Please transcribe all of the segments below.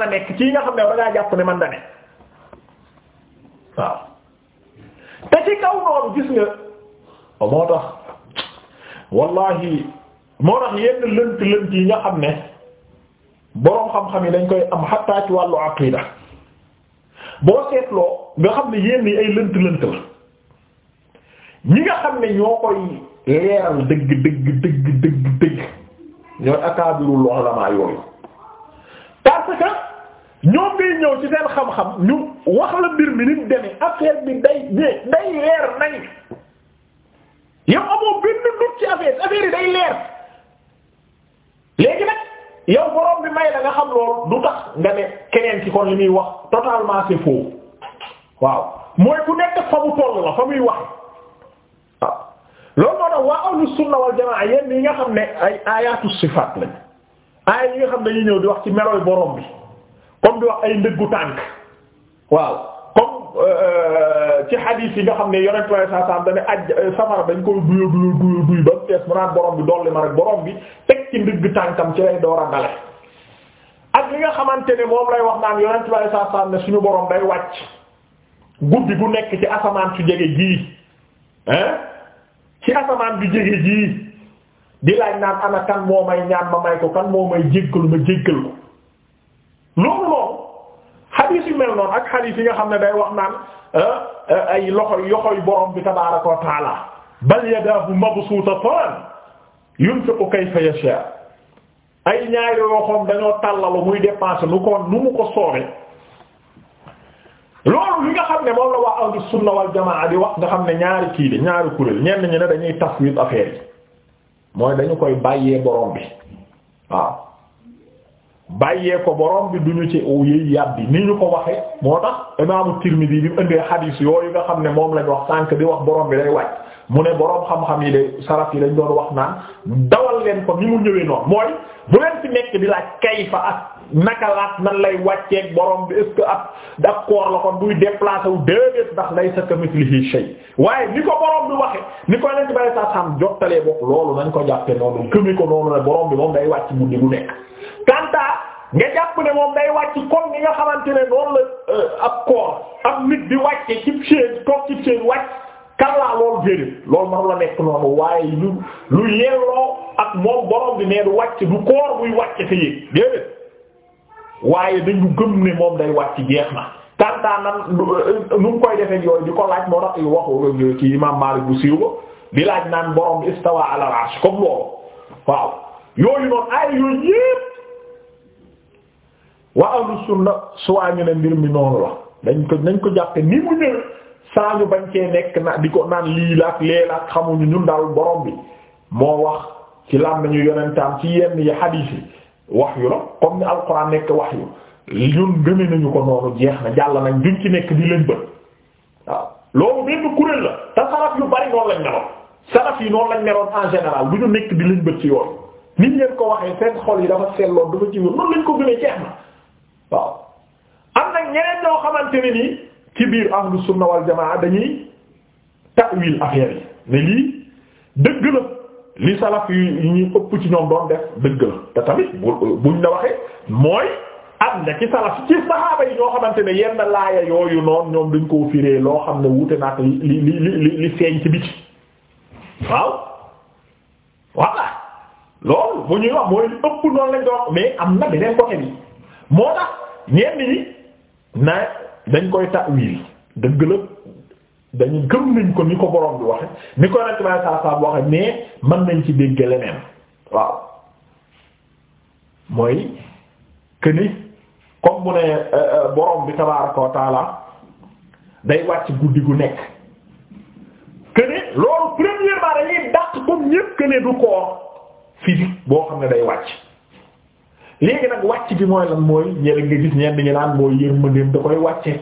mën nekk ci nga xam ne da ngaa jàpp ne man da waaw te ci kaw noonu gis nga moo tax wallahi moo tax yenn lënt lënt yi nga xam ne boroom xam-xam yi dañ koy am xataa ci wàllu aqida boo seetloo nga xam ne yenn yi ay lënt lënt la ñi nga xam ne ñoo koy leeral dëgg dëgg dëgg dëgg dëgg ñooy akaabirul ulama yooyu ñoom ngay ñëw ci seen xam-xam ñu wax la mbir mi nit deme affaire bi day day leer nañ yow amoo benn doute ci affaire affaire yi day leer léegi nag yow borom bi may la xam loolu du tax nga ne keneen ci kon yi muy wax totalement c'est faux waaw mooy ku nekk fa mu toll la fa muy wax waaw loolu moo tax waa ahlu sunna wal jamaa yenn yi nga xam ne ay ayatu sifaat lañ aaya yi nga xam ne dañuy ñëw di wax ci melooy borom bi comme di wax ay ndëggu tànk waaw comme euh, ci hadith yi nga xam ne yonent waaye saa saa dana aj euh, safara dañ koy duyo duyo duyo duy ba mu tees mu naan borom bi dolli ma rek borom bi teg ci ndëgg tànkam ci lay door a dale ak li nga xamante ne moom lay wax naan yonent waaye saa saa ne suñu borom day wàcc guddi bu nekk ci asamaan su jege jii hein ci asamaan bu jege jii di laaj naan ana kan moo may ñaan ma may ko kan moo may jéggalu ma jéggal ko loolu moom xadiis yu mel noonu ak xadiis yi nga xam ne day wax naan euh, euh, ay loxo yu borom bi tabaaraka wa taala bal yadaahu mabsuutatan yunfiqu kayfa yashaa ay ñaari loxoom dañoo tàllalu muy dépenser nu ko nu mu ko soobee loolu li nga xam ne moom la wax ahlu sunna wal jamaa wax nga xam ne ñaari kii di ñaari kuréel ñenn ñi ne dañuy tafwid affaire yi mooy dañu koy bàyyee borom bi waaw bàyyee ko borom bi duñu ci yëy yàbbi ni ñu ko waxee moo tax imaamu Tirmidi bi mu indee xadiis yooyu nga xam ne moom lañ wax sànk di wax borom bi day wàcc mu ne borom xam yi de saraf yi dañ doon wax naan dawal leen ko ni mu ñëwee noonu mooy bu leen ci nekk di laaj kayfa naka laat nan lay wàcceeg borom bi est-ce que ab d'accord la kon buy déplacé wu déedéet ndax laysa waaye ni ko borom bi waxe ni ko leen ci sa sam jottalee bopp loolu nañ ko jàppe noonu këmi ko noonu ne borom bi moom day wàcc guddi gu nekk kanta nga jàpp ne moom day wàcc comme ni nga xamante ne noonu la euh, ab koor am nit di wàcce cib chaise toog cib chaise wàcc kallaa loolu déedéet loolu manu la nekk noonu waaye lu lu yelloo ak moom borom bi nee du wàcc du koor buy wàcce sa yéeg déedéet waaye dañu gëm ne moom day wàcc jeex na kanta nan euh, nu koy defee yooyu di ko laaj moo tax yu waxu euh, ci imam Maalik bu siiw ba di laaj naan borom bi istawa ala comme loolu waaw yooyu noonu ay yooyu waa ahlu sunna suwaa ñu ne mbir mi noonu la dañ ko dañ ko jàppe ni mu ñëw saa ñu bañ cee nekk na di ko naan lii la ak lee la ak xamuñu ñun daal borom bi moo wax ci làmb ñu yonentaam ci yenn yi xadiis yi wax yu la comme ni alxuraan nekk wax yu ñun gëme nañu ko noonu jeex na jàll nañ duñ ci nekk di leen bët waaw loolu benn kuréel la te salaf yu bari noonu lañ meloon salaf yi noonu lañ meloon en général bu ñu nekk di leen bët ci yoon nit leen ko waxee yi dafa seetloo waaw am nag ñeneen ñoo xamante ni nii ci biir ahlu sunna wal jamaa dañuy ta'wil affaire yi ne lii dëgg la li salaf yi ñu ëpp ci ñoom doon def dëgg la te tamit bu buñ la waxee mooy am na ci salaf ci saxaaba yi ñoo xamante ne yenn laaya yooyu noonu ñoom dañ koo firee loo xam ne wuute na ak li li li li feeñ ci waaw voilà loolu bu ñuy wax mooy ëpp noonu lañ doon mais am na beneen côté bi. moo tax ñenn ñi na dañ koy ta'wil dëgg la dañu gëm nañ ko ni ko borom bi waxe ni ko rek baay saa saa waxe mais mën nañ ci dégg leneen waaw mooy këni comme bu ne euh, euh, borom bi tabaaraka wa taala day wàcc guddi gu nekk këni loolu premièrement dañuy dàq comme ñépp këni du koor physique boo xam ne day wàcc léegi nag wàcc bi mooy lan mooy ñeneen nga gis ñenn ñi naan mooy da koy wàcce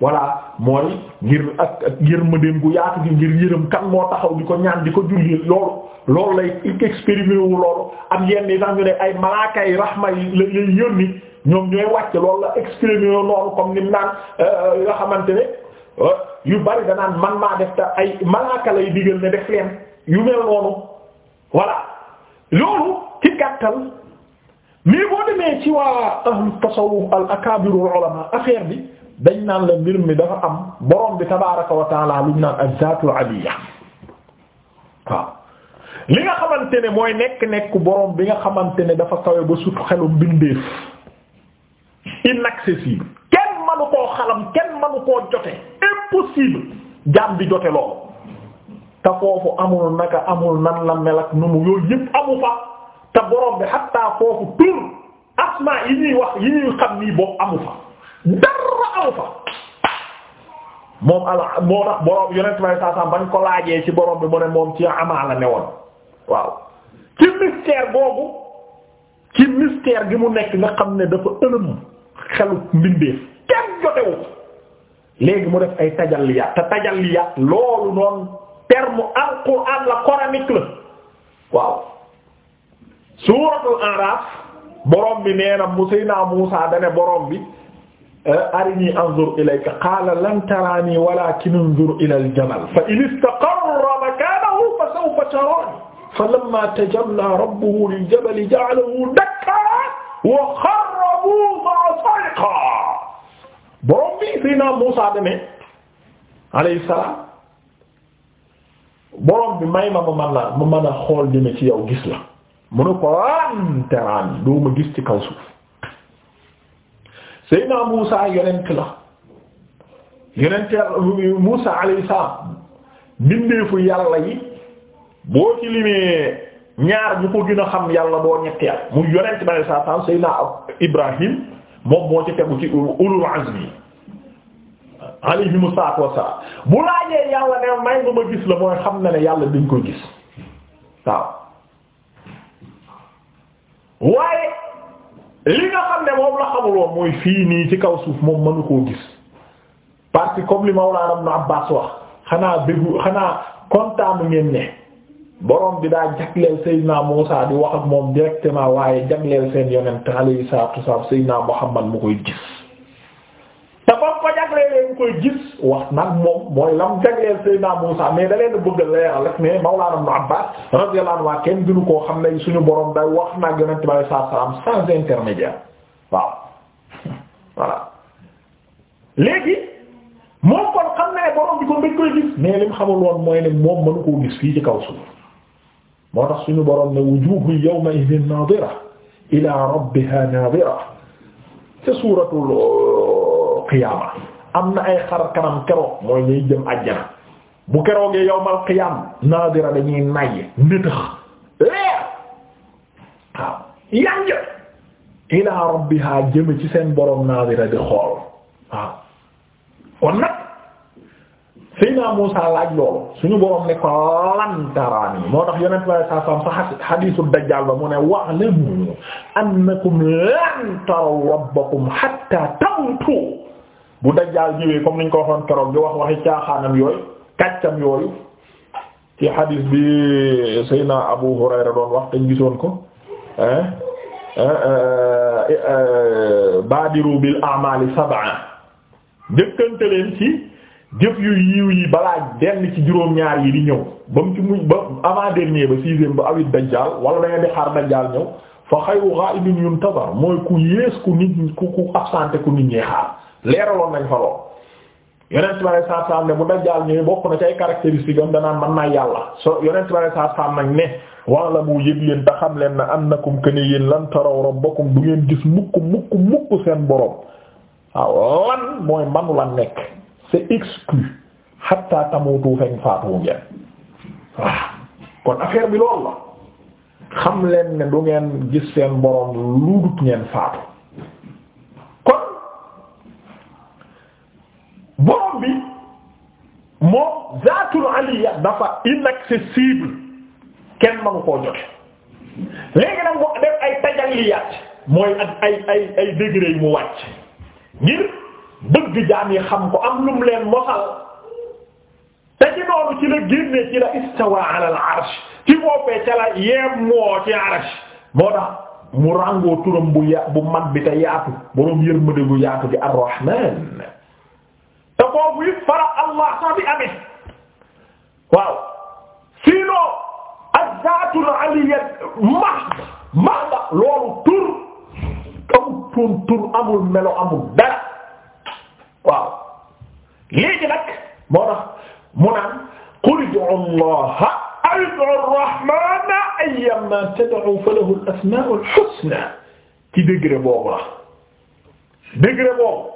voilà mooy ngir ak ak yërmandeem gu yaatu gi ngir yërëm kan moo taxaw di ko ñaan di ko julli loolu loolu lay expérimenté wu loolu am yenn yi sax ñu ne ay malaaka yi rahma yi la lay yónni ñoom ñooy wàcc loolu la expérimenté loolu comme ni mu naan nga euh, xamante ne euh, yu bari danaan man maa def te ay malaaka lay digal ne def leen yu mel noonu voilà loolu ci gàttal. mais boo demee ci waa ahlu al akabirul ulama bi dañ naan la mbir mi dafa am borom bi tabaaraka wa taala luñ naan az-zaatul aliyya waaw li nga xamante ne mooy nekk nekk borom bi nga xamante ne dafa kawe ba sut xelu mbindeef inaccessible kenn manu koo xalam kenn manu koo jote impossible jaam bi jote loolu te foofu amul naka amul nan la mel ak nu mu yooyu yëpp amu fa. te borom bi xatta foofu tur asma yi ñuy wax yi ñuy xam nii boobu amu fa dara amu fa moom ala moo tax borom yonent may saasaam bañ ko laajee ci borom bi mu ne moom ci amaa ne woon waaw ci mystère boobu ci mystère gi mu nekk nga xam ne dafa ëlëm xelu mbindeef kenn jotewu léegi mu def ay tajalliyaat te tajalliyaat loolu noonu terme alquran la coranique la waaw suuratul Araf borom bi nee na Seydina Muusaa dane borom bi eh, arinii anzur ilayka qaala lan taraanii walaakin unzur ilal jamal fa in istaqarra makaanahu fa sawfa taraanii falammaa tajallaa rabbuhu lil jabali ja'alahu dakkan wa xarra Muusaa sa'iqan borom bi Seydina Muusaa dane alayhi salaam borom bi may ma ma mën a ma mën a xool dina ci yow gis la. mu ko lanteraan doo ma gis ci kaw suuf Seydina Muusa yonent la yonent Muusa alayhi salaam bindeefu yàlla yi boo ci ñaar ñu ko gën a xam yàlla boo ñetteel mu yonent bi alayhi salaam Ibrahim moom moo ci tegu ci ulul azmi alayhimu salaatu wassalaam bu laajee yàlla ne may nga gis la mooy xam na ne yàlla dañ ko gis waaw waaye li nga xam ne moom la xamuloon mooy fii nii ci kaw suuf moom mënu koo gis parce que comme li Mawlaana Ibn Abbaas wax xanaa bëggu xanaa kontaan ngeen ne borom bi daa jagleel Seydina Muusaa di wax ak moom directement waaye jagleel seen yonent alayhi salaatu wa salaam Seydina Muhammad mu koy gis ko jagleelee ñu moom mooy lam jagleel Seydina Muusaa mais da leen bëgg a leeral rek mais Abbaas radiyallahu anhu waa kenn gënu xam ne suñu borom day wax nag Yonent bi sallallahu alayhi wasallam sans intermédiaire borom bi kon dañ koy gis moom mënu koo gis fii ci kaw moo tax suñu borom ne wujuhun yawma naadira ila rabbiha naadira ca suuratul qiyaama am na ay xar kanam keroog mooy ñuy jëm àjjana bu keroogee yawmal qiyaam naadira dañuy nay nitax leer waaw yanj ilaa rabbiha jëm ci seen boroom naadira di xool waaw kon nag Seydina Muusaa laaj loolu suñu borom ne ko lan taraani moo tax yonent bi saa saam sa xadiisu dajjaal ba mu ne wa'lamu annakum lan taraw rabbakum hatta tamutu bu dajjaal ñëwee comme niñ ko waxoon keroog di wax waxi caaxaanam yooyu kàccam yooyu ci hadis bi Seyna Abu Hurayra doon wax te ñu gisoon ko euh, baadiru bil a'mali sab'a njëkkante leen ci jëf yu yiw yi balaa denn ci juróom-ñaar yi di ñëw ba mu ci mujj ba avant dernier ba sixième ba awit dajjaal wala da di xaar dajjaal ñëw fa xayru ghaibin yuntazar mooy ku yées ku nit ku ku absenté ku nit ñee xaar leeraloon nañ fa lool yonent bi alayhi salaatu ne bu dajjaal ñëwee bokk na ci ay caractéristiques am danaan man naa yàlla so yonent bi alayhi salaatu nag ne wa'lamu yëg leen te xam leen na annakum ken yéen lan taraw rabbakum du ngeen gis mukk mukk mukk seen borom waaw lan mooy manu nekk c'est exclu hatta tamutu fekk faatu ngeen waaw kon affaire bi loolu la xam leen ne du ngeen gis seen borom lu ngeen faatu. borom bi moom zaatul aliya dafa inaccessible kenn manu koo jote léegi nag mu def ay tajalliyaat mooy ay ay mu wàcc ngir bëgg jaam xam ko am lum leen mosal te ci noonu ci la génnee ci la istawa ala al arsh ci boppee ca la yeem moo ci arsh moo tax mu ràngoo turam bu ya bu mag bi te yaatu boroom yërmande gu yaatu bi ar te foofu it fara allah sax bi amee waaw sinon azzaatul aliyya mahd mahda loolu tur amul tur tur amul melo amul dara waaw léegi nag moo tax mu naan qul ud'u allaha aw ud'u arrahmana ayyama tad'u falahu al-asma'u al-husna ci degré boobu la degré boobu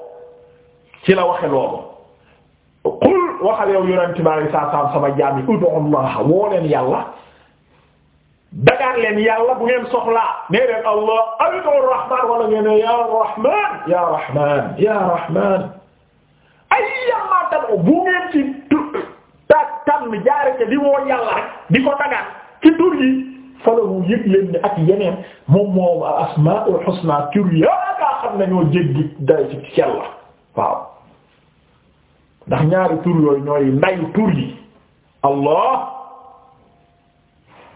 ci la waxe loolu qul waxal yow yonent bi alayhi salaam sama jaam yi ud'u Allah woo leen yàlla dagaan leen yàlla bu ngeen soxlaa nee leen Allah ud'u Rahmaan wala ngeen ne yaa Rahmaan yaa Rahmaan yaa Rahmaan ayyama tad'u bu ngeen ci ta tànn jaare ca di woo yàlla rek di ko dagaan ci tur yi falahu yëg leen ni ak yeneen moom moo asmaa'ul husnaa tur yaa nga xam ne ñoo jéggi day ci yàlla waaw. ndax ñaari tur yooyu ñooy nday tur yi allah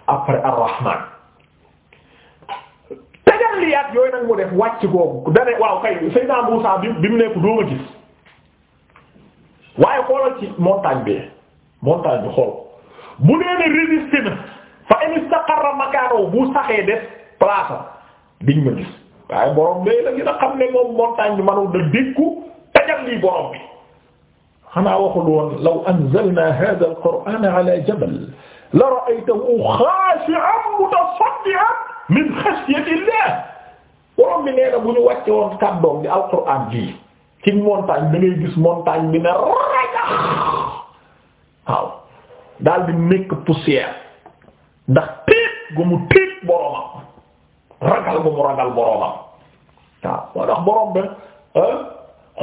après arrahman tajalliyaat yooyu nag mu def wàcc googu dane waaw kay Seydina Muusaa bi bi mu nekk doo ma gis waaye xoolal ci montagne bi montagne bi xool bu nee ne résisté fa in istaqarra makaano bu saxee def place am ma gis waaye borom bee la gën a xam ne moom montagne bi manul da dékku tajal lii borom xanaa waxul woon law anzalna hadha alqur'ana ala jabal la ra'aytahu xaashi'an mutasaddi'an min xashyatillah borom bi nee na bu ñu wàcce woon kàddoom di alqur'an ji ci montagne da ngay gis montagne bi ne rajax waaw daal di nekk poussière ndax tiit gu mu tiit ragal gu ragal boromam waaw moo tax borom ba ah,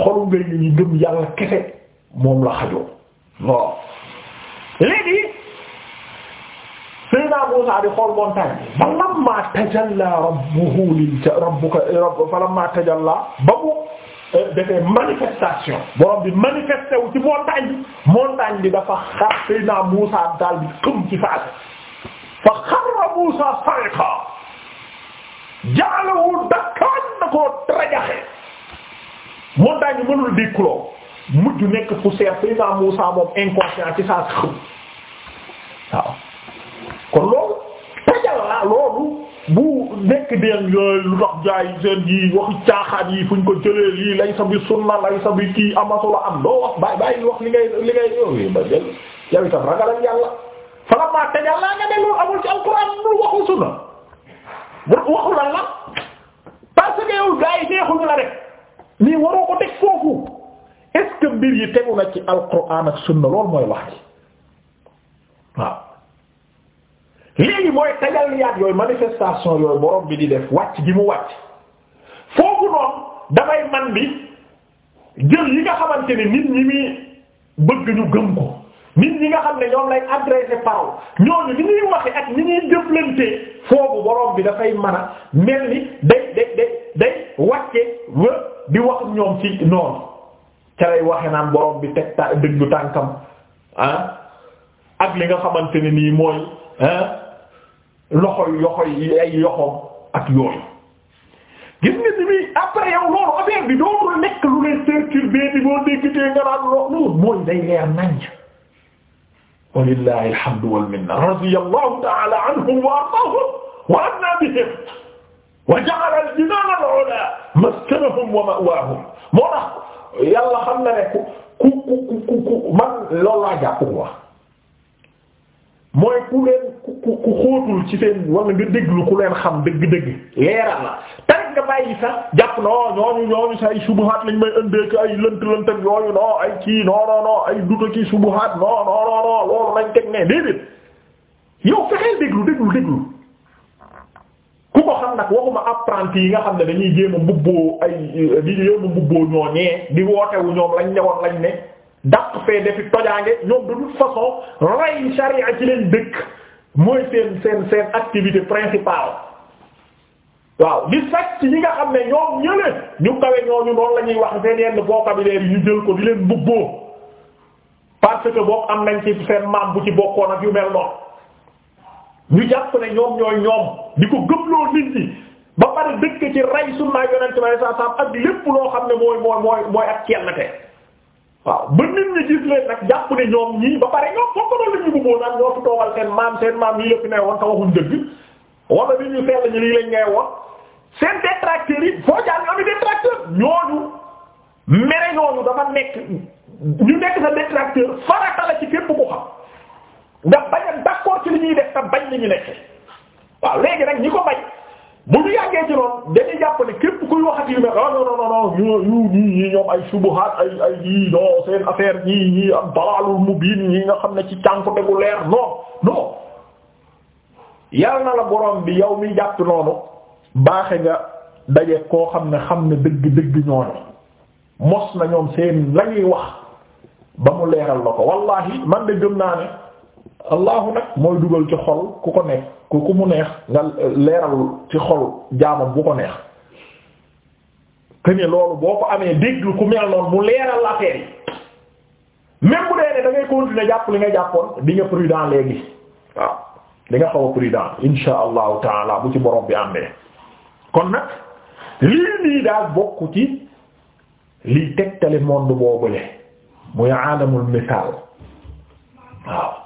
xolu ngay ni ñu moom la xajoo waaw léegi Seydina xool montagne bi falammaa tajallaa rabbuhu lil rabbuka falammaa tajallaa euh, manifestation borom bi manifesté wu ci montagne bi bi daal di xëm ci faase fa xarra Muusaa sa'iqaa ja'alahu dakkan na koo bi mënul mujj nekk poussière Seydina Muusaa moom inconscient ci saa si xëm waaw kon loolu tajal la loolu bu nekk deen yooyu lu tax jaay yi waxi caaxaan yi fuñ ko jëlee lii lay sa bi sunna lay sa kii amasula am doo wax bàyyi bàyyi wax li ngay li ngay yow ba jël yow itam ragalal yàlla fala maa tajal laa nga ne loolu amul ci alxuraan lu waxu sunna waxu la la parce yow gaa yi la rek nii waroo ko teg foofu est mbir yi tegu na ci alquran ak sunna loolu mooy wax ji waaw léegi mooy tajalliyaat yooyu manifestation yooyu borom bi di def wàcc gi mu wàcc foofu noonu dafay man bi jël yi nga xamante ni nit ñi muy bëgg ñu gëm ko nit ñi nga xam ne ñoom lay adressé parole ñooñu ni ñuy waxe ak ni ñuy jëflante foofu borom bi dafay mën a mel ni day day day day wàcce wa di wax ñoom ci noonu ca lay waxe naan borom bi teg ta dëggu tànkam ah ak li nga xamante ne nii mooy ah loxoy yoxoy ay yoxoom ak yooyu gis nga ni muy après yow loolu affaire bi dootul nekk lu lay perturbé bi boo déggtee nga naan loolu mooy day leer naññ walillahi alhamdu wal minna radiyallahu ta'ala anhum wa ardaahum wa anna bihim wa ja'ala al-jinaana al-'ulaa maskanahum wa ma'waahum yàlla xam na ne ku ku ku ku ku man loolu laa jàpp quoi mooy ku leen ku ku xóotul ci seen wala nga déglu ku leen xam dëgg-dëgg leeral la tari nga bàyyi sax jàpp noo oh, ñooñu ñooñu sa ay subuhaat lañ may ëndeek ay lënt-lënt ak yooyu non ay kii non non non ay duta ki subuhaat non non non non loolu lañ teg ne déedéet yow fexeel déglu déglu déglu ku ko xam nag waxuma apprenti yi nga xam ne dañuy jéem a ay di yéem a mbubboo ñooñee di wootewu ñoom lañ ñëwoon lañ ne dàq fee defi tojaange ñoom de toute façon ray sharia ci leen dëkk mooy seen seen seen activité principale waaw di sàcc ñi nga xam ne ñoom ñële ñu kawe ñooñu noonu la ñuy wax seen yenn vocabulaire yi ñu jël ko di leen mbubboo parce que boobu am nañ ci seen maam bu ci bokkoon ak yu mel noonu ñu jàpp ne ñoom ñooy ñoom di ko gëmloo nit ñi ba pare dëkk ci ray sunna yonent bi saa saam ak lépp loo xam ne mooy mooy mooy mooy ak kennate waaw ba nit ñi gis leen nag jàpp ne ñoom ñii ba pare ñoom fokk doon la ñu bëggoon naan ñoo ñu seetla ñu lii lañ ngay wax seen détracteurs yi foo jaar ñoom i détracteur ñooñu mere ñooñu dafa nekk ñu nekk sa détracteur farata ci képp ko xam ci li ñuy def te bañ li ñu nekk waaw léegi nag ñi ko bañ bu ñu yàggee ci loolu dañuy jàpp képp kuy waxati yu mel ah affaire ñii ñii am dalalul nga xam ne ci cànku tegu leer non yàlla na la borom bi yow mi jàpp noonu baaxe nga daje koo xam ne xam ne dëgg-dëgg ñooñu mos na ñoom seen la wax ba mu leeral la ko wallahi man de gëm naa ne. allahu nag mooy dugal ci xol ku ko neex ku ku mu neex nga leeral ci xol jaamam bu ko neex këne loolu boo ko amee déglu ku mel noonu mu leeral affaire yi même bu dee ne da ngay continuer jàpp li nga jàppoon di nga prudent léegi waaw di nga xaw prudent insha allahu taala bu ci borom bi àndee kon nag lii nii daal bokk ci liy tegtali monde boobule muy aadamul misaal waaw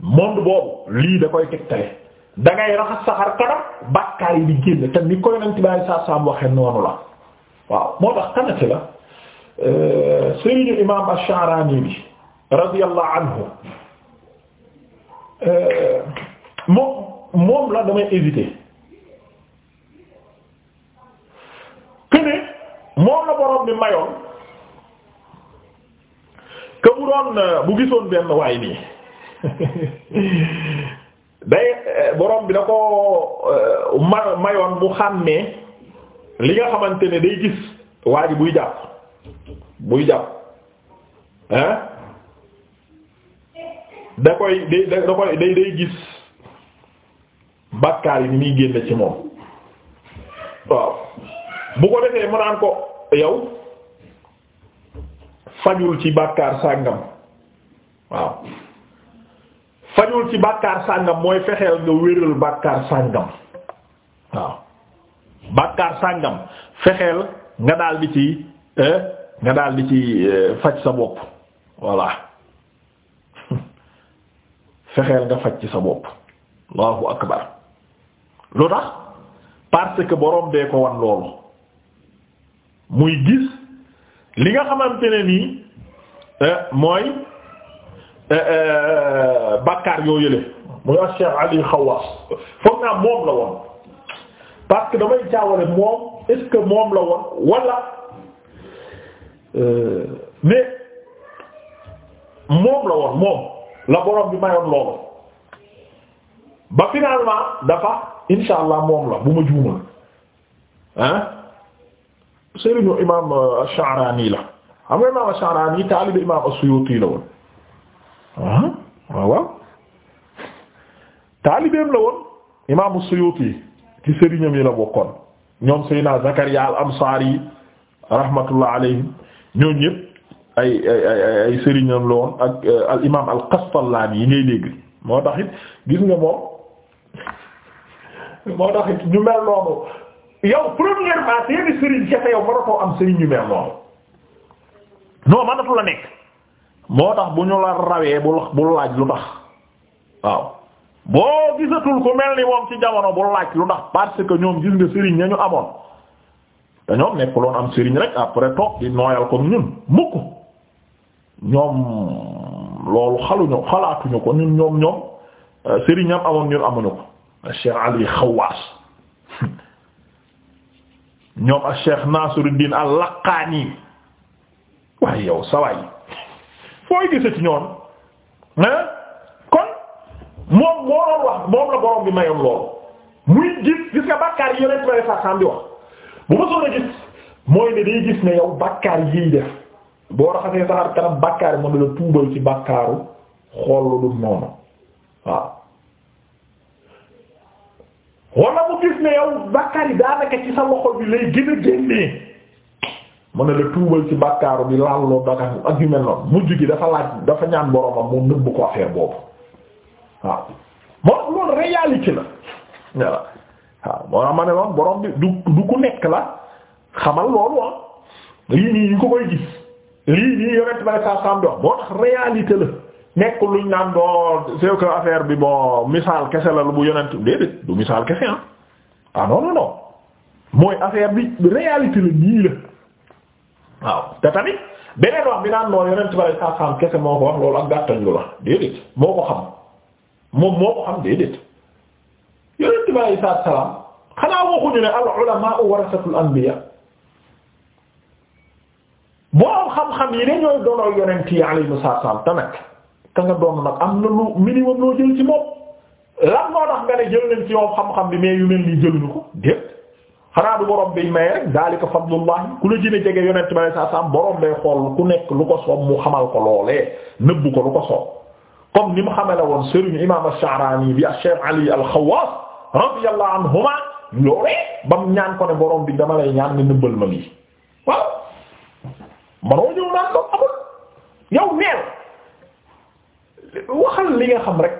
monde boobu lii da koy tegtale da ngay raxas saxar kanam bàkkaar yi di génn te ni koy nañ ci bàyyi noonu la waaw euh, euh, moom la damay hésiter que moom la borom bi mayoon que bu euh, bu gisoon benn waay nii. day eh, boroom bi da ko eh, ma mayoon mu xàmmee li nga xamante ne day gis waa buy jàpp buy jàpp hein da koy day da koy day day gis bàkkaar yi ni muy génn ci moom waaw bu ko defee mu ko yow fajul ci bàkkaar sàngam waaw fajul ci bàkkaar sàngam mooy fexeel nga wéral bàkkaar sàngam waaw bàkkaar sàngam fexeel nga daal di ci eh, nga daal di ci eh, faj sa bopp voilà fexeel nga faj ci sa bopp allahu akbar lu tax parce que boroom dee ko wan loolu muy gis li nga xamante ne nii eh, mooy Euh, euh, Bakar yoo yële muy ak Cheikh Ali Xawaas foog naa moom la woon parce que damay jaawale moom est-ce moom la woon wala euh, mais moom la woon moom la borom bi mayoon loolu ba finalement dafa insha moom la bu ma juumal ah sëriñu imam Sha'rani la xam nga imam Sha'rani taalibu imam as-Suyuti la woon ah waaw waaw taalibeem la woon imaamu Suyuti ci sëriñam yi la bokkoon ñoom Seydina Zakariya al-Ansari rahmatullah alayhim ñoo ñëpp ay ay ay sëriñam la woon ak euh, al imaam al-Qastallani yi ngay dégg moo tax gis nga moom moo tax ñu mel noonu yow premièrement seeni sëriñ jafe yow mënatoo am sëriñ ñu mel noonu non mënatu la nekk. moo tax bu ñu la rawee bul bul laaj lu tax waaw boo gisatul ku mel ni moom ci jamono bul laaj lu tax parce que ñoom gis nga sëriñ nañu amoon te ñoom nekkuloon am sëriñ rek après toog di nooyal comme ñun mukk ñoom loolu xaluñu xalaatuñu ko ñun ñoom ñoom euh, sëriñ am amoon ñun amuñu ko a Cheikh Ali Xawaas ñoom a Cheikh Nasiruddin al-Laqani waaye yow sawaay fooy gise ci ñoom ah kon moom moo doon wax moom la borom bi mayoon loolu muy gis gis nga bàkkaar yi yonent bale sa sam di wax bu ma soon gis mooy ne day gis ne yow bàkkaar yiy def boo raxasee saxar kanam bàkkaar yi mën tuubal ci bàkkaaru xool lu dul noonu waaw mu gis ne yow bàkkaar yi daanaka ci sa loxo bi lay gën a génnee mu ne la tuubal ci bàkkaaru bi laalloo dagan ak yu mel dafa ñaan boromam mu nëbb ko nekk la xamal loolu ah. bi bon misaal kese la lu ah. ah mooy affaire bi réalité la nii la. waaw te tamit beneen wax bi naan noonu yonent bari saa saam kese moo ko wax loolu ak gàttañ lu la déedéet moo ko xam moom moo ko xam déedéet yonent bari saa salaam xanaa waxuñu ne al ulamaa warasatul anbiya boo am xam-xam yi ne ñooy doonoo yonent yi alayhimu salaam te nag ka nga doon nag am na lu minimum loo jël ci moom lan moo tax nga ne jël nañ ci yow xam-xam bi mais yu mel nii jëluñu ko déet xanaa du borom biñ maye rek daalika fadlullah ku la jëne jege yonent bi saa saam borom day xool ku nekk lu ko soob mu xamal ko loolee nëbbu ko lu ko soob comme ni mu xamale woon sëriñ imam ash-Sha'rani bi Cheikh Ali al-Khawwas radiyallahu anhuma loolee bam ñaan ko ne borom bi dama lay ñaan nga nëbbal ma lii waaw manoo ñëw naan ko amul yow neel waxal li nga xam rek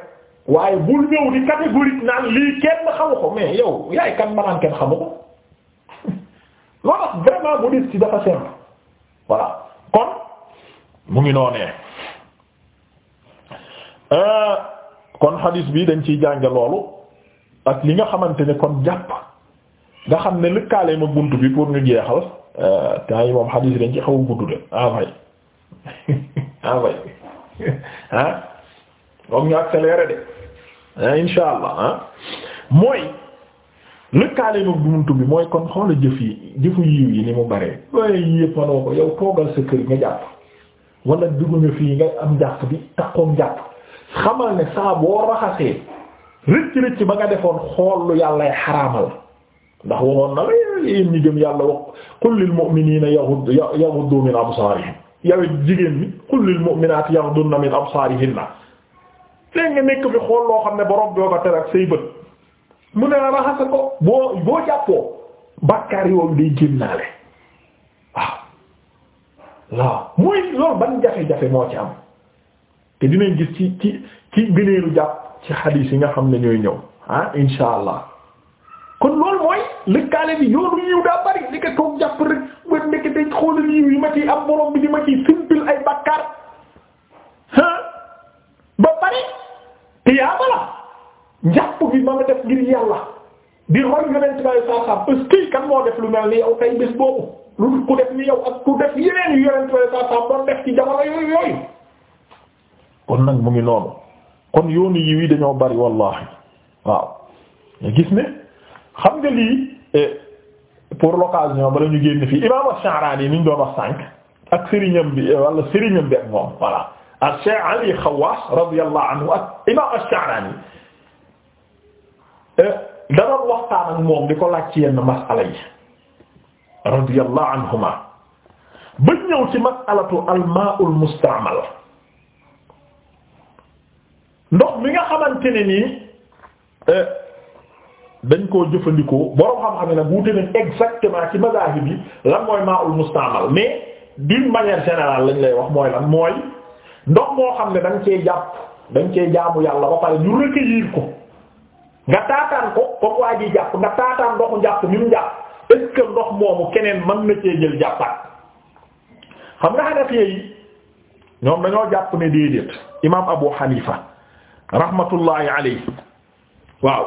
waaye bul ñëw di catégorique naan lii kenn xamu ko mais yow yaay kan manaan kenn xamu ko moo tax vraiment modestie ci dafa simple voilà kon mu ngi noonee euh, kon hadith bi dañ ciy jànge loolu ak li nga xamante ne kon jàpp nga xam ne lëkkaale ma bunt bi pour ñu jeexal euh, temps yi moom hadith dañ ci xaw a gudd de avay avay ah moom ah, ñu accéléré de insha allah ah mooy lëkkaale moom dumuntu bi mooy kon xoola jëf yi jëfu yiw yi ni mu bëree waaye yii yëpp manoo ko yow toogal sa kër nga jàpp wala dugg nga fii nga am jàpp bi takkoom jàpp xamal ne saaboo boo raxasee rëcc rëcc ba nga defoon xool lu yàllay xaraamal ndax waxoon na la yéen ñi yàlla wax qul lil mu'minina yaghuddu yaghuddu min absaarihim yow jigéen mi qul lil mu'minaati na min absaarihinna léegi nga nekk fi xool loo xam ne borom boo ko tere ak say mu ne la raxasa ko boo boo jàppoo bàkkaar yooyu day génnaale waaw waaw mooy loolu ban jafe-jafe moo ci am te dinañ gis ci ci ci gëneelu jàpp ci xadiis yi nga xam ne ñooy ñëw ah insha allah kon loolu mooy lëkkaale bi yoonu yiw daa bari li toog jàpp rek ba nekk day xoolal yiw yi ma ciy am borom bi di ma ciy simpil ay bàkkaar ah ba bari te njàpp gi ma def ngir yàlla di roy yonent bi saa saam parce que kan moo def lu mel ni yow tay bés boobu lu ku def ni yow ak ku def yeneen yu yonent bi saa saam doon def ci jamono yooyu yooyu kon nag mu ngi noonu kon yoonu yiw yi dañoo bari wallahi waaw nga gis ne xam nga lii eh, pour l'occasion bala ñu génn fii imam Ash-Sha'rani ni ñu doon wax sànq ak sëriñam bi eh, wala sëriñam bi ak moom voilà al Cheikh Ali Khawaas radiyallahu anhu ak imam Eh, da doon waxtaan ak moom di ko laaj ci yenn masala yi radiyallahu anhuma ba ñëw ci alatu almaa'ul musta'mal ndox mi nga xamante ne nii eh, dañ koo jëfandikoo borom xam-xam ne nag wuute nañ exactement ci mazahib yi lan mooy maa'ul musta'mal mais d'une manière générale lañ lay wax mooy lan mooy ndox moo xam ne dañ cee jàpp dañ cee jaamu yàlla ba pare ñu recueillir ko nga taataan ko comme waa jàpp nga taataan ndoxu njàpp mi mu jàpp est ce que ndox moomu keneen mën na cee jël jàppaat xam nga xanafiyee yi ñoom dañoo jàpp ne déedéet imaam Abu Hanifa rahmatullahi alayhi waaw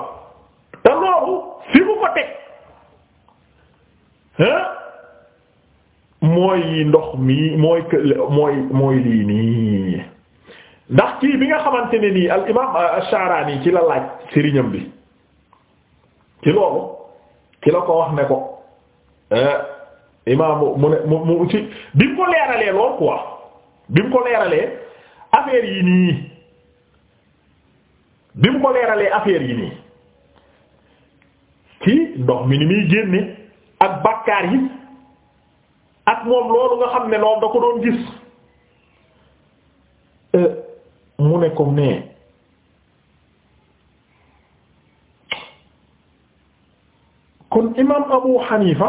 te loolu fi mu ko teg mooy ndox mi mooy mooy mooy lii nii. ndax kii bi nga xamante ne nii al imaam yi euh, ci la laaj sëriñam bi ci loolu ci la ko wax ne ko euh, imaam mu ne mu ci bi mu ko leeralee lool ko leeralee affaire yi nii bi mu ko leeralee affaire yi nii ci ndox mi ni muy génne ak bakkaar yi ak moom loolu nga xam ne loolu da ko doon gis. Euh, mu ne ko nee kon imam Abu Hanifa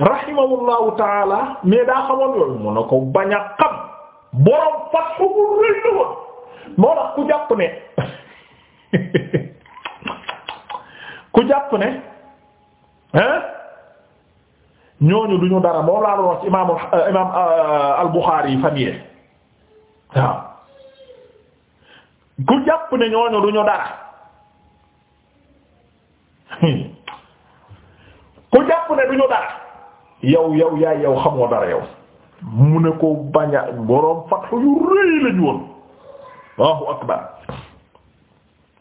rahimahullahu taala mais daa xamoon loolu mu ne ko bañ a xam borom fas bu rëy la woon moo tax ku jàpp ne ku jàpp ne hein ñooñu duñu dara moo laa doon wax ci imaam imaam euh, euh, al fan yee waaw ku jàpp ne ñooñu du dara ku jàpp ne du dara yow yow yaay yow xamoo dara yow mu ne ko bañ a boroom fatxu yu rëy lañu woon Allahu akbar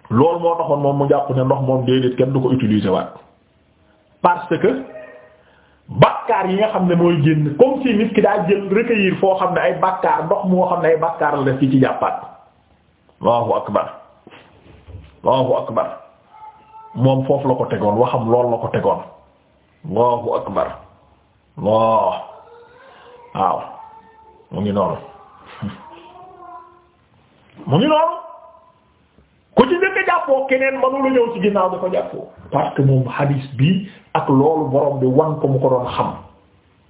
loolu moo taxoon moom mu jàpp ne ndox moom déedéet kenn du ko utiliser waat parce que bakkaar yi nga xam ne mooy génn comme si nit ki daa jël recueillir foo xam ne ay bakkaar ndox moo xam ne ay bakkaar la def ci ci jàppaat Allahu foofu la ko tegoon waxam lool la ko tegoon Allahu akbar Allah waaw mu ngi noonu mu ngi noonu ku ci njëkk jàppoo keneen mënu ñëw ci ginnaaw di ko jàppoo parce que moom hadis bi ak loolu boroom bi wan ko mu ko doon xam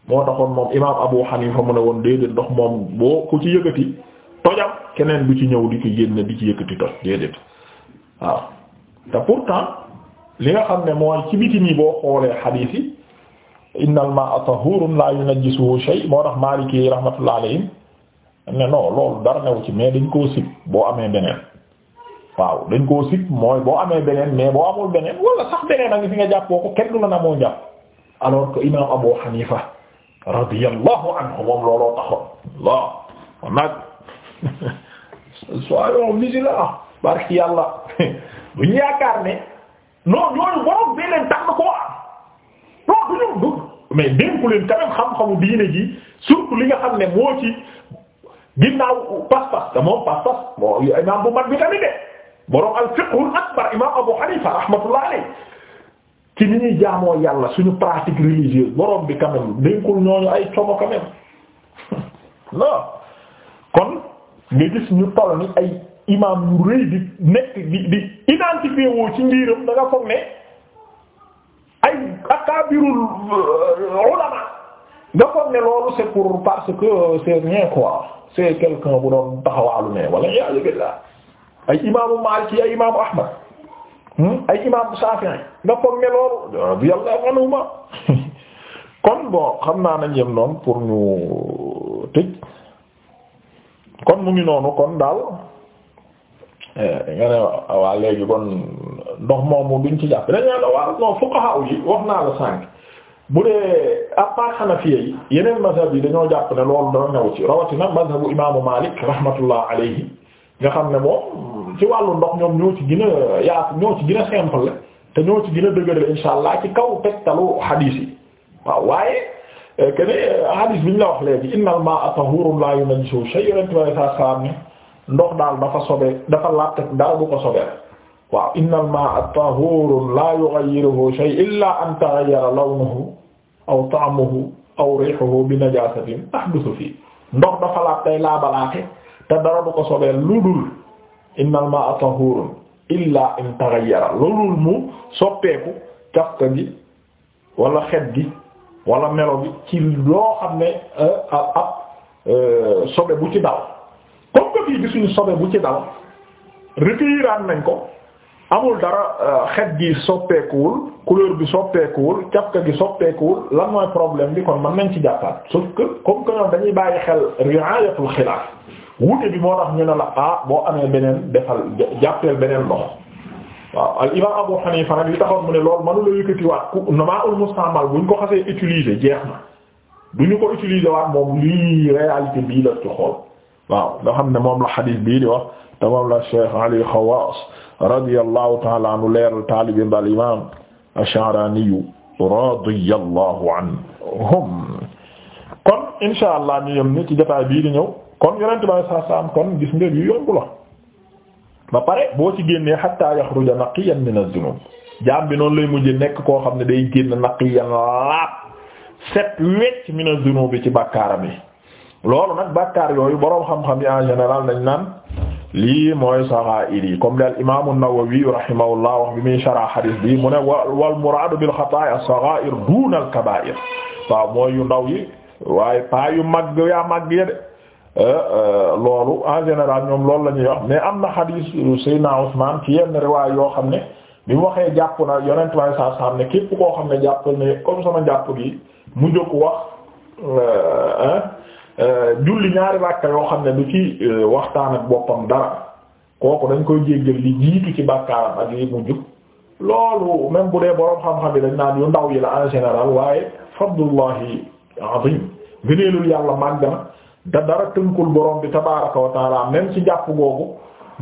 moo taxoon moom imaam Abu Hanifa mu ne woon déedéet ndox moom boo ku ci yëkkati tojam keneen du ci ñëw di ko génn di ci yëkkati toj déedéet waaw te pourtant li nga xam ne mooy ci biti nii boo xoolee xadiis yi innal maa'a tahuurun laa yunajjisuhu shay moo tax Maaliki rahmatullahi alayhi ne non loolu dara newu ci mais dañ koo sib boo amee beneen waaw dañ koo mooy boo amee beneen mais boo amul beneen wala sax beneen a ngi fi nga jàppoo ko kenn la na moo jàpp alors que imam Abu Hanifa radiyallahu anhu moom looloo taxoon laa kon nag soyons vigilants barki yàlla bu ñu yaakaar ne non ñooñu borom bee leen tànn koo am non du ñu du mais dénku leen quand même xam-xamu diine ji surtout li nga xam ne moo ci ginnaaw pas-pas te moom pas-pas moo imaam bu mat bi tamit de borom al-fiqhul akbar imaam Abu Hanifa rahmatullah alayhi ci ni jaamoo yàlla suñu pratique religieuse borom bi quand même dénkul ñooñu ay como quand même non kon nga gis ñu toll ni ay imaam yu di nekk di di identifié woo ci mbiram da nga foog ay akabirul euh, ulama nga loolu c'est parce que c'est rien quoi quelqu'un bu doon taxawaalu ne wala yaa billah ay imaamu Maalik ay imaamu Ahmad hmm? ay imaamu Shaafi'i nga foog ne loolu radiyallahu anhuma kon bon xam naa nañ yem noonu pour ñu tëj kon mu ngi noonu kon daal eh, nga ne waa léegi kon ndox moomu duñ ci jàpp dañu la fuqaha yi wax naa la sànq bu dee à part Hanafiya yi yeneen mazhab bi dañoo jàpp ne loolu dana new ci rawatina mazhabu imaamu Maalik rahmatullah alayhi nga xam ne moom ci wàllu ndox ñoom ñoo ci gën a yaa te ñoo ci gën a dëgëral insha allah ci kaw tegtalu xadiis waaye euh, que ne xadiis euh, bi ñu la wax léegi innal maa'a tahuurun laa yunajjisuhu shay'un yonent bi sallallahu alayhi wasallam ne ndox daal dafa sobe dafa an taghayyara lawnuhu aw ta'muhu aw riihuhu bi najaasatin tahduthu fiihi ndox dafa laaj te dara du ko sobeel lu dul innal ma'a tahurun illa in taghayyara lu mu soppeeku cafka gi wala xet gi wala melo gi ci loo xam ne euh, ab ab euh, sobe bu ci dal comme que fii gisuñu sobe bu ci dal retiraan nañ ko amul dara euh, xet gi soppeekuwul couleur bi soppeekuwul cafka gi soppeekuwul lan mooy problème bi kon mën nañ ci jàppaat sauf que comme que ñoom dañuy bàyyi xel riayatul xilaaf wute bi moo tax ne la ah boo amee beneen defal jàppeel beneen loxo al imam Abu Hanifa nag li taxoon mu ne loolu mënu la yëkkatiwaat ku nama'ul mustamal buñ ko xasee utiliser jeex na du ñu ko utiliser waat moom lii réalité bii la ci xool waaw nga xam ne moom la xadiis bii di wax te moom la Cheikh Ali Xawaas radiyallahu ta'ala anhu leeral taalibi bi al imam ash-Sha'rani radiyallahu kon insha allah ñu yem ni ci jotaay bii di kon yonent ba saa saam kon gis nga yu yomb la ba pare boo ci génnee hatta yaxruja naqiyan min az-zunub jaam bi noonu lay mujje nekk koo xam ne day génn naqiyan laab set wecc min az-zunub bi ci bàkkaaram yi loolu nag bakkaar yooyu boroom xam-xam yi en général dañ naan lii mooy saxaa'ir yi comme daal imaam an-Nawawi rahimahullah wax bi muy sharh hadith bi mu ne wal muraadu bil xataaya as-saxaa'ir duuna kabaair waaw mooy yu ndaw yi waaye paa yu mag yaa Euh, euh, loolu en général ñoom loolu la ñuy wax mais am na xadiis Seydina Usmaan ci yenn riwaay yoo xam ne bi mu waxee jàpp na yonent waaye saa saa ne képp koo xam ne jàpp ne comme sama jàpp gi mu jóg wax euh, julli ñaari ràkka yoo xam ne du ci waxtaan ak boppam dara kooku dañ koy jéggal li jiitu ci bàkkaaram ak li mujj loolu même bu dee boroom xam-xam yi dañ naan yu ndaw yi la en général waaye fadlullahi azim ngëneelul yàlla màgg na da dara tënkul borom bi tabaaraka wa taala même ci jàpp googu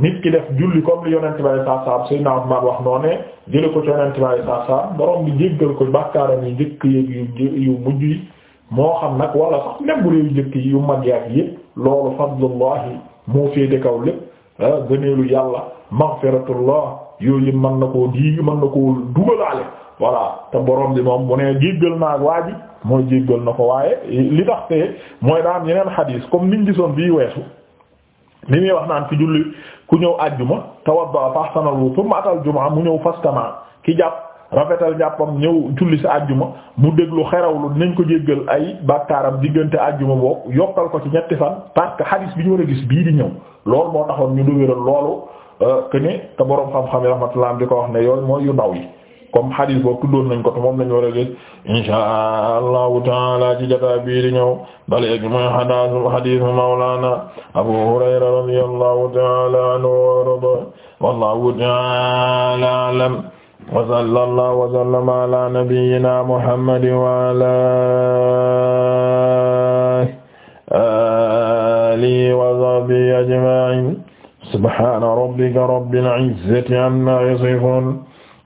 nit ki def julli comme li yonent bi saa saa Seydina Usmaan wax noonu ne jële ko ci yonent bi saa saa borom bi jéggal ko bàkkaaram yu njëkk yu yu mujj yi moo xam nag wala sax même bu dee njëkk yi yu mag yaak yépp loolu fadlullahi moo féete kaw lépp ah, gëneelu yàlla maghfiratullah yooyu yëpp mën na koo diig mën na koo dugalaale voilà te borom bi moom bu nee jéggal naa waa ji mooy jéggal na ko waaye li tax te mooy daa am yeneen xadiis comme niñ gisoon bii weesu li muy wax naan fi julli ku ñëw àjjuma tawadda fa ahsana wudu thumma atal jumaa mu ñëw fastama ki jàpp rafetal jàppam ñëw julli sa àjjuma mu déglu xerawlu nañ ko jéggal ay bàkkaaram diggante àjjuma boobu yokkal ko ci ñetti fan parce que hadis bi ñu war a gis bii di ñëw lool moo taxoon ñu du wéral loolu euh, que ne te boroom xam-xam yi rahmatullah di ko wax ne yooyu mooy yu ndaw yi comme hadith boobu tuddoon nañ ko te moom nañ war a gis inshaa allahu taala ci jota bii di ñëw ba léegi mooy hadaasu hadith mawlana abu hurayra radiyallahu taala anhu warda wallahu taala alam wa sallallahu wa sallama ala nabiyyina muhammadin wa ala alihi wa sahbihi ajma'in subhana rabbika rabbil izzati amma yasifun